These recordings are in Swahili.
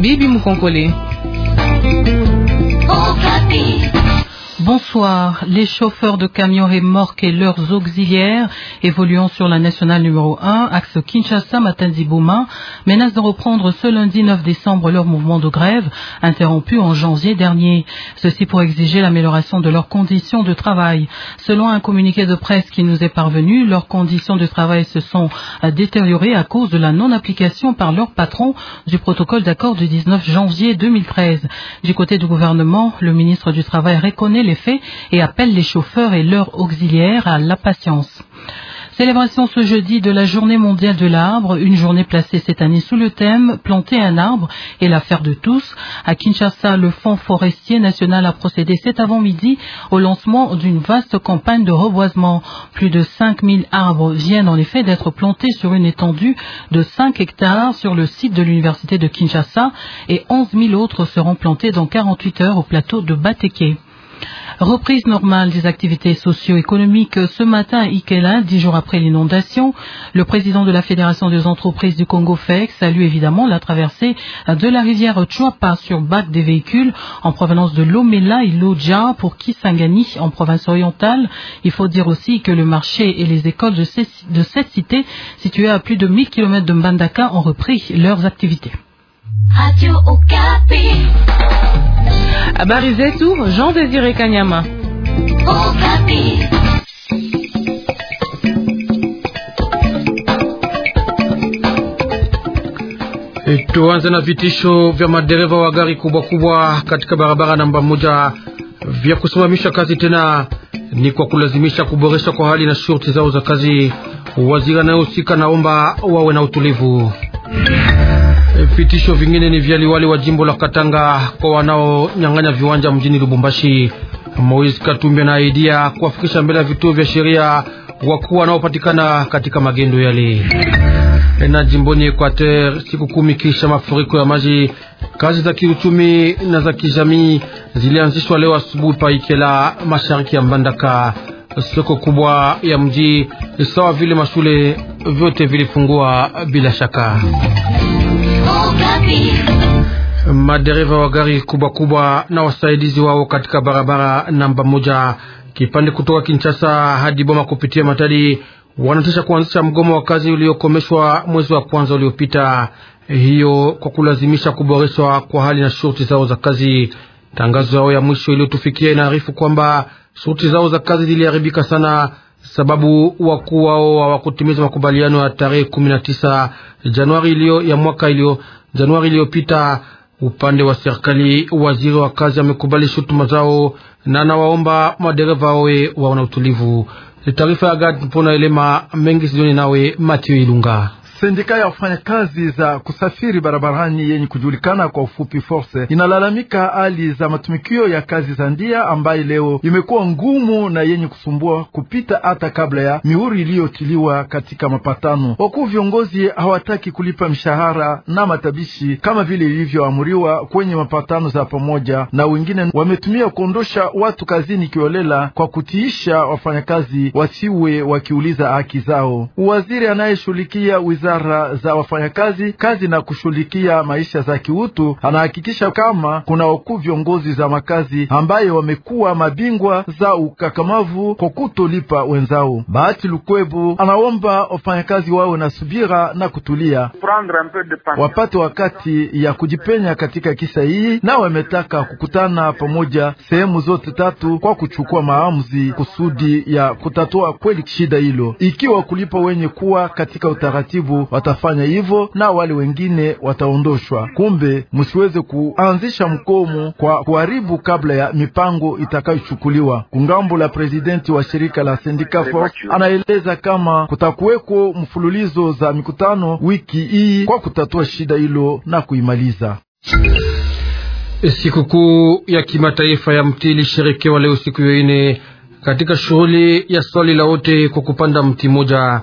Bibi Mkonkole Okapi. Bonsoir. Les chauffeurs de camions remorques et leurs auxiliaires évoluant sur la nationale numéro 1, axe kinshasa matanzi menacent de reprendre ce lundi 9 décembre leur mouvement de grève, interrompu en janvier dernier. Ceci pour exiger l'amélioration de leurs conditions de travail. Selon un communiqué de presse qui nous est parvenu, leurs conditions de travail se sont euh, détériorées à cause de la non-application par leur patron du protocole d'accord du 19 janvier 2013. Du côté du gouvernement, le ministre du Travail reconnaît les faits et appelle les chauffeurs et leurs auxiliaires à la patience. Célébration ce jeudi de la journée mondiale de l'arbre, une journée placée cette année sous le thème Planter un arbre est l'affaire de tous. À Kinshasa, le Fonds forestier national a procédé cet avant-midi au lancement d'une vaste campagne de reboisement. Plus de 5000 arbres viennent en effet d'être plantés sur une étendue de 5 hectares sur le site de l'université de Kinshasa et 11 000 autres seront plantés dans 48 heures au plateau de Bateke. Reprise normale des activités socio-économiques ce matin à Ikela, dix jours après l'inondation. Le président de la Fédération des entreprises du Congo FEC salue évidemment la traversée de la rivière Chouapa sur bac des véhicules en provenance de Lomela et Lodja pour Kisangani en province orientale. Il faut dire aussi que le marché et les écoles de, cette cité situées à plus de 1000 km de Mbandaka ont repris leurs activités. Habari ah zetu Jean Désiré Kanyama. Eh, tuanze na vitisho vya madereva wa gari kubwa kubwa katika barabara namba moja vya kusimamisha kazi tena ni kwa kulazimisha kuboresha kwa hali na shurti zao za kazi. Waziri anayehusika naomba wawe na utulivu. Eh, vitisho vingine ni vya liwali wa jimbo la Katanga kwa wanaonyang'anya viwanja mjini Lubumbashi. Moise Katumbi anaahidia kuwafikisha mbele ya vituo vya sheria wakuu wanaopatikana katika magendo yale. Eh, na jimboni Equateur, siku kumi kisha mafuriko ya maji, kazi za kiuchumi na za kijamii zilianzishwa leo asubuhi Paikela, mashariki ya Mbandaka. Soko kubwa ya mji sawa vile mashule vyote vilifungua bila shaka. Madereva wa gari kubwa kubwa na wasaidizi wao katika barabara namba moja kipande kutoka Kinshasa hadi Boma kupitia Matadi wanatisha kuanzisha mgomo wa kazi uliokomeshwa mwezi wa kwanza uliopita, hiyo kwa kulazimisha kuboreshwa kwa hali na shurti zao za kazi. Tangazo yao ya mwisho iliyotufikia inaarifu kwamba shurti zao za kazi ziliharibika sana sababu wakuu wao hawakutimiza makubaliano ya tarehe 19 Januari iliyo ya mwaka iliyo Januari iliyopita. Upande wa serikali, waziri wa kazi amekubali shutuma zao na anawaomba madereva wawe waona utulivu. Taarifa ya Gad Mpona Elema Mengi sidoni nawe Mathieu Ilunga. Sendika ya wafanyakazi za kusafiri barabarani yenye kujulikana kwa ufupi Force inalalamika hali za matumikio ya kazi za ndia ambaye leo imekuwa ngumu na yenye kusumbua kupita hata kabla ya mihuri iliyotiliwa katika mapatano. Wakuu viongozi hawataki kulipa mshahara na matabishi kama vile ilivyoamuriwa kwenye mapatano za pamoja, na wengine wametumia kuondosha watu kazini kiolela kwa kutiisha wafanyakazi wasiwe wakiuliza haki zao. Waziri anayeshughulikia wizara biashara za wafanyakazi kazi na kushughulikia maisha za kiutu. Anahakikisha kama kuna wakuu viongozi za makazi ambayo wamekuwa mabingwa za ukakamavu kwa kutolipa wenzao. Bahati lukwebu anaomba wafanyakazi wawe na subira na kutulia, wapate wakati ya kujipenya katika kisa hii, na wametaka kukutana pamoja sehemu zote tatu kwa kuchukua maamuzi kusudi ya kutatua kweli shida hilo, ikiwa kulipa wenye kuwa katika utaratibu nguvu watafanya hivyo, na wale wengine wataondoshwa. Kumbe msiweze kuanzisha mkomo kwa kuharibu kabla ya mipango itakayochukuliwa. Kungambo la prezidenti wa shirika la Sindika Force anaeleza kama kutakuweko mfululizo za mikutano wiki hii kwa kutatua shida hilo na kuimaliza. Sikukuu ya kimataifa ya mti ilisherekewa leo siku ya ine katika shughuli ya swali la wote kwa kupanda mti mmoja.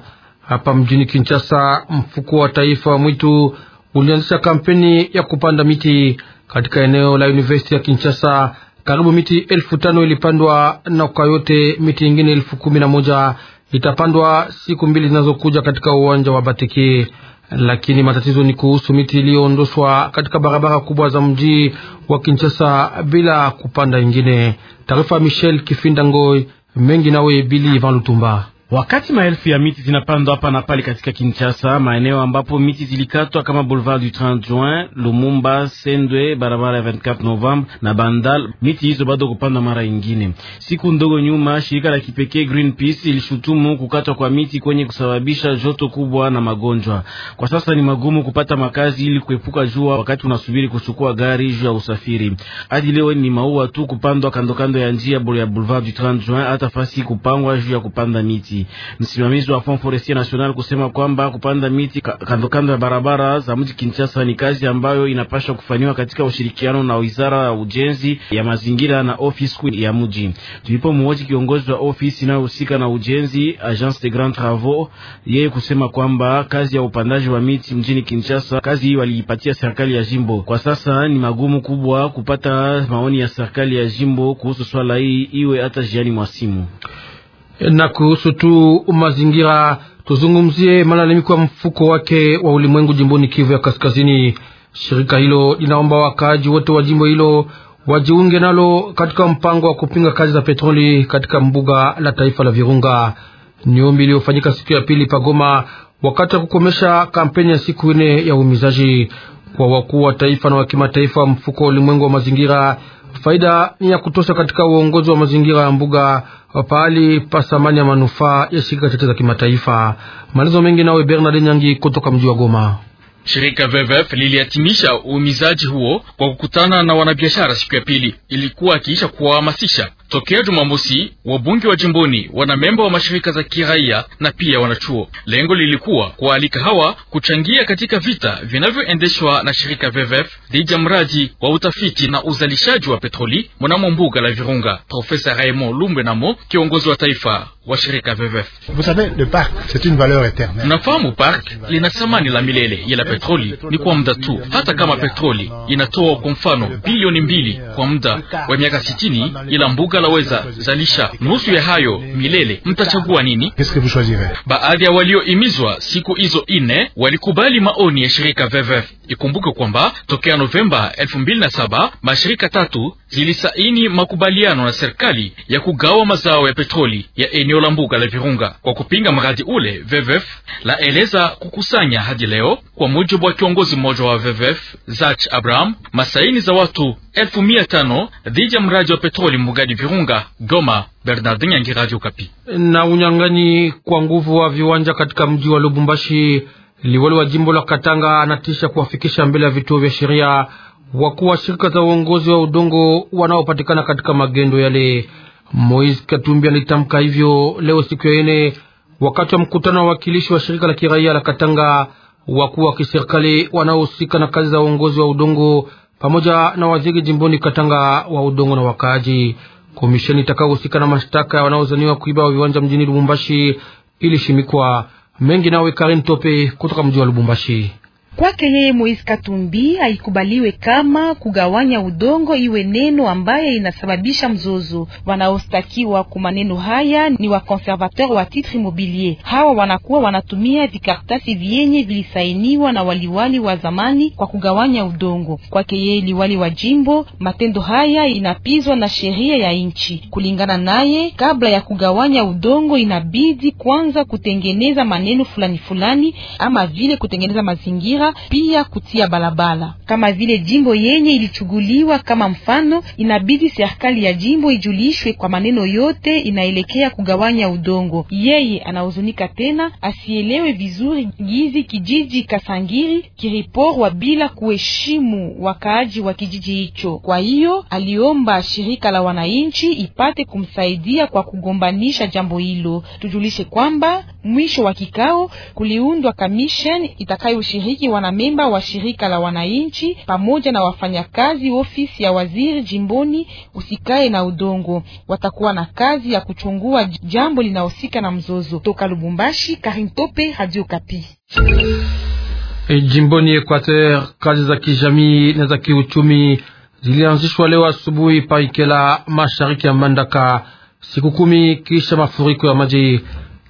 Hapa mjini Kinshasa, mfuko wa taifa wa mwitu ulianzisha kampeni ya kupanda miti katika eneo la University ya Kinshasa. Karibu miti elfu tano ilipandwa na kwa yote miti ingine elfu kumi na moja itapandwa siku mbili zinazokuja katika uwanja wa Batiki, lakini matatizo ni kuhusu miti iliyoondoshwa katika barabara kubwa za mji wa Kinshasa bila kupanda ingine. Taarifa Michel Kifinda Ngoi mengi nawe Bili Ivan Lutumba. Wakati maelfu ya miti zinapandwa hapa na pale katika Kinshasa, maeneo ambapo miti zilikatwa kama Boulevard du 30 Juin, Lumumba, Sendwe, barabara ya 24 Novembre na Bandal, miti hizo bado kupandwa mara ingine Siku ndogo nyuma, shirika la kipekee Greenpeace ilishutumu kukatwa kwa miti kwenye kusababisha joto kubwa na magonjwa. Kwa sasa ni magumu kupata makazi ili kuepuka jua wakati unasubiri kuchukua gari juu ya usafiri. Hadi leo ni maua tu kupandwa kandokando ya njia ya Boulevard du 30 Juin, hata fasi kupangwa juu ya kupanda miti. Msimamizi wa Fond Forestier National kusema kwamba kupanda miti kandokando kando ya barabara za mji Kinshasa ni kazi ambayo inapaswa kufanywa katika ushirikiano na wizara ya ujenzi ya mazingira na ofisi kuu ya mji. mmoja kiongozi wa ofisi inayohusika na ujenzi Agence de Grand Travaux, yeye kusema kwamba kazi ya upandaji wa miti mjini Kinshasa, kazi hii waliipatia serikali ya jimbo. Kwa sasa ni magumu kubwa kupata maoni ya serikali ya jimbo kuhusu swala hii, iwe hata jiani mwa simu. Na kuhusu tu mazingira, tuzungumzie malalamiko ya mfuko wake wa ulimwengu jimboni Kivu ya Kaskazini. Shirika hilo linaomba wakaaji wote wa jimbo hilo wajiunge nalo katika mpango wa kupinga kazi za petroli katika mbuga la taifa la Virunga. Ni ombi iliyofanyika siku ya pili Pagoma wakati wa kukomesha kampeni ya siku nne ya uumizaji kwa wakuu wa taifa na wa kimataifa mfuko wa ulimwengu wa mazingira Faida ni ya kutosha katika uongozi wa mazingira ya mbuga pahali pa thamani ya manufaa ya shirika tete za kimataifa. Maelezo mengi nawe Bernard Nyangi kutoka mji wa Goma. Shirika WWF liliatimisha uumizaji huo kwa kukutana na wanabiashara siku ya pili, ilikuwa akiisha kuwahamasisha Tokea Jumamosi, wabunge wa jimboni wana memba wa mashirika za kiraia na pia wanachuo. Lengo lilikuwa kuwaalika hawa kuchangia katika vita vinavyoendeshwa na shirika VVF dhidi ya mradi wa utafiti na uzalishaji wa petroli mwanamo mbuga la Virunga. Profesa Raymond Lumbe Namo, kiongozi wa taifa wa shirika VVF. Mnafahamu park lina thamani la milele, ila petroli ni kwa muda tu. Hata kama petroli inatoa kwa mfano bilioni mbili kwa muda wa miaka sitini, ila mbuga anaweza zalisha nusu ya hayo milele. Mtachagua nini? Baadhi ya walioimizwa siku hizo ine walikubali maoni ya shirika VVF. Ikumbuke kwamba tokea Novemba 2007 mashirika tatu zilisaini makubaliano na serikali ya kugawa mazao ya petroli ya eneo la mbuga la Virunga. Kwa kupinga mradi ule, VVF laeleza kukusanya hadi leo, kwa mujibu wa kiongozi mmoja wa VVF Zach Abraham, masaini za watu elfu mia tano dhidi ya mradi wa petroli Mugadi Virunga, Goma. Bernard Nyangi, Radio Kapi. Na unyang'anyi kwa nguvu wa viwanja katika mji wa Lubumbashi, liwali wa jimbo la Katanga anatisha kuwafikisha mbele ya vituo vya sheria wakuu wa shirika za uongozi wa udongo wanaopatikana katika magendo yale. Moise Katumbi alitamka hivyo leo siku ya ine wakati wa mkutano wa wakilishi wa shirika la kiraia la Katanga. Wakuu wa kiserikali wanaohusika na kazi za uongozi wa udongo pamoja na waziri jimboni Katanga wa udongo na wakaaji. Komisheni itakayohusika na mashtaka ya wanaozaniwa kuiba wa viwanja mjini Lubumbashi ilishimikwa mengi. Nawe Karin Tope kutoka mji wa Lubumbashi. Kwake yeye Moise Katumbi haikubaliwe kama kugawanya udongo iwe neno ambaye inasababisha mzozo. Wanaostakiwa ku maneno haya ni wa conservateur wa titre immobilier. Hawa wanakuwa wanatumia vikartasi vyenye vilisainiwa na waliwali wa zamani kwa kugawanya udongo. Kwake yeye liwali wa jimbo, matendo haya inapizwa na sheria ya nchi. Kulingana naye, kabla ya kugawanya udongo inabidi kwanza kutengeneza maneno fulani fulani ama vile kutengeneza mazingira mazingira, pia kutia balabala Kama vile jimbo yenye ilichuguliwa kama mfano, inabidi serikali ya jimbo ijulishwe kwa maneno yote inaelekea kugawanya udongo. Yeye anahuzunika tena, asielewe vizuri gizi kijiji Kasangiri kiriporwa bila kuheshimu wakaaji wa kijiji hicho. Kwa hiyo aliomba shirika la wananchi ipate kumsaidia kwa kugombanisha jambo hilo. Tujulishe kwamba mwisho wa kikao kuliundwa kamisheni itakayoshiriki wanamemba wa shirika la wananchi pamoja na wafanyakazi ofisi ya waziri jimboni usikae na udongo. Watakuwa na kazi ya kuchungua jambo linahusika na mzozo. Toka Lubumbashi, Karim Tope, Radio Kapi. E, jimboni Equateur, kazi za kijamii na za kiuchumi zilianzishwa leo asubuhi Paikela, mashariki ya Mbandaka, siku kumi kisha mafuriko ya maji.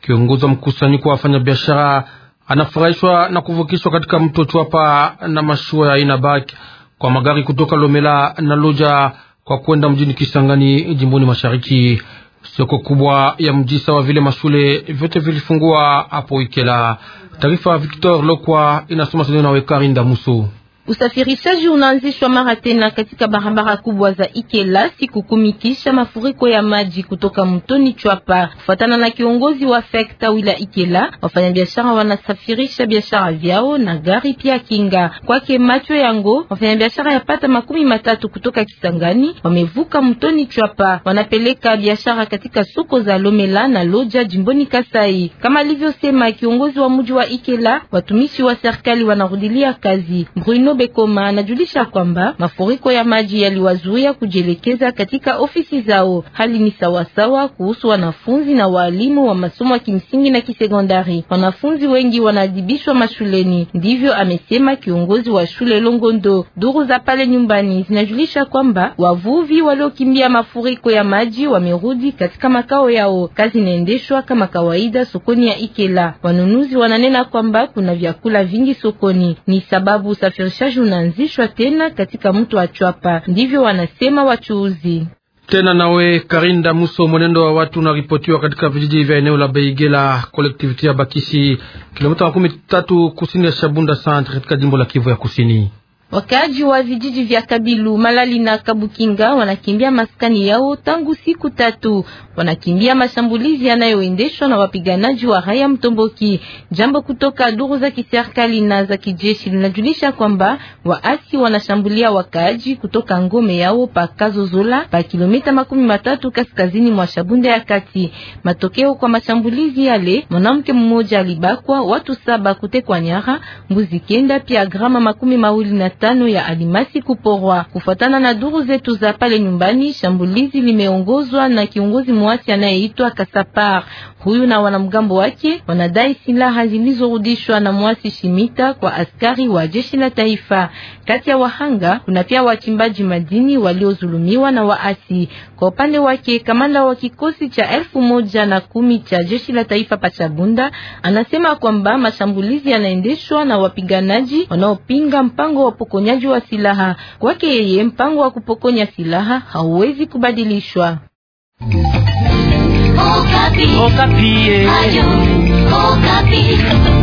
Kiongozi wa mkusanyiko wa wafanyabiashara anafurahishwa na kuvukishwa katika mto Chwapa na mashua ya aina bak kwa magari kutoka Lomela na Loja kwa kwenda mjini Kisangani jimboni mashariki. Soko kubwa ya mji sawa vile mashule vyote vilifungua hapo Ikela. Taarifa Victor Lokwa inasoma na Wekarinda Musu. Usafirishaji unaanzishwa mara tena katika barabara kubwa za Ikela siku kumi kisha mafuriko ya maji kutoka mtoni Chwapa. Kufatana na kiongozi wa sekta wila Ikela, wafanyabiashara wanasafirisha biashara vyao na gari pia kinga. Kwake macho yango, wafanyabiashara yapata makumi matatu kutoka Kisangani wamevuka mtoni Chwapa, wanapeleka biashara katika soko za Lomela na Loja jimboni Kasai. Kama alivyosema kiongozi wa mji wa Ikela, watumishi wa serikali wanarudilia kazi Bruno Ngombe Koma anajulisha kwamba mafuriko ya maji yaliwazuia kujielekeza katika ofisi zao. Hali ni sawasawa kuhusu wanafunzi na walimu wa masomo ya kimsingi na kisekondari. Wanafunzi wengi wanaadhibishwa mashuleni, ndivyo amesema kiongozi wa shule Longondo. Duru za pale nyumbani zinajulisha kwamba wavuvi waliokimbia mafuriko ya maji wamerudi katika makao yao. Kazi inaendeshwa kama kawaida sokoni ya Ikela. Wanunuzi wananena kwamba kuna vyakula vingi sokoni, ni sababu usafirishaji usafirishaji unaanzishwa tena katika mto wa Chwapa, ndivyo wanasema wachuuzi. Tena nawe Karinda Muso, mwenendo wa watu unaripotiwa katika vijiji vya eneo la Beigela, kolektiviti ya Bakisi, kilomita makumi tatu kusini ya Shabunda Centre katika jimbo la Kivu ya Kusini. Wakaaji wa vijiji vya Kabilu, Malali na Kabukinga wanakimbia maskani yao tangu siku tatu. Wanakimbia mashambulizi yanayoendeshwa na wapiganaji wa Raya Mtomboki. Jambo kutoka duru za kiserikali na za kijeshi linajulisha kwamba waasi wanashambulia wakaaji kutoka ngome yao pa Kazozola pa kilomita makumi matatu kaskazini mwa Shabunda ya Kati. Matokeo kwa mashambulizi yale, mwanamke mmoja alibakwa, watu saba kutekwa nyara, mbuzi kenda, pia grama makumi mawili na tano ya alimasi kuporwa. Kufuatana na duru zetu za pale nyumbani, shambulizi limeongozwa na kiongozi mwasi anayeitwa Kasapar. Huyu na wanamgambo wake wanadai silaha zilizorudishwa na mwasi Shimita kwa askari wa jeshi la taifa. Kati ya wahanga kuna pia wachimbaji madini waliozulumiwa na waasi. Kwa upande wake, kamanda wa kikosi cha elfu moja na kumi cha jeshi la taifa Pachabunda anasema kwamba mashambulizi yanaendeshwa na wapiganaji wanaopinga mpango wa upokonyaji wa silaha. Kwake yeye, mpango wa kupokonya silaha hauwezi kubadilishwa. Okapi. Okapi. Eh. Ayu, Okapi.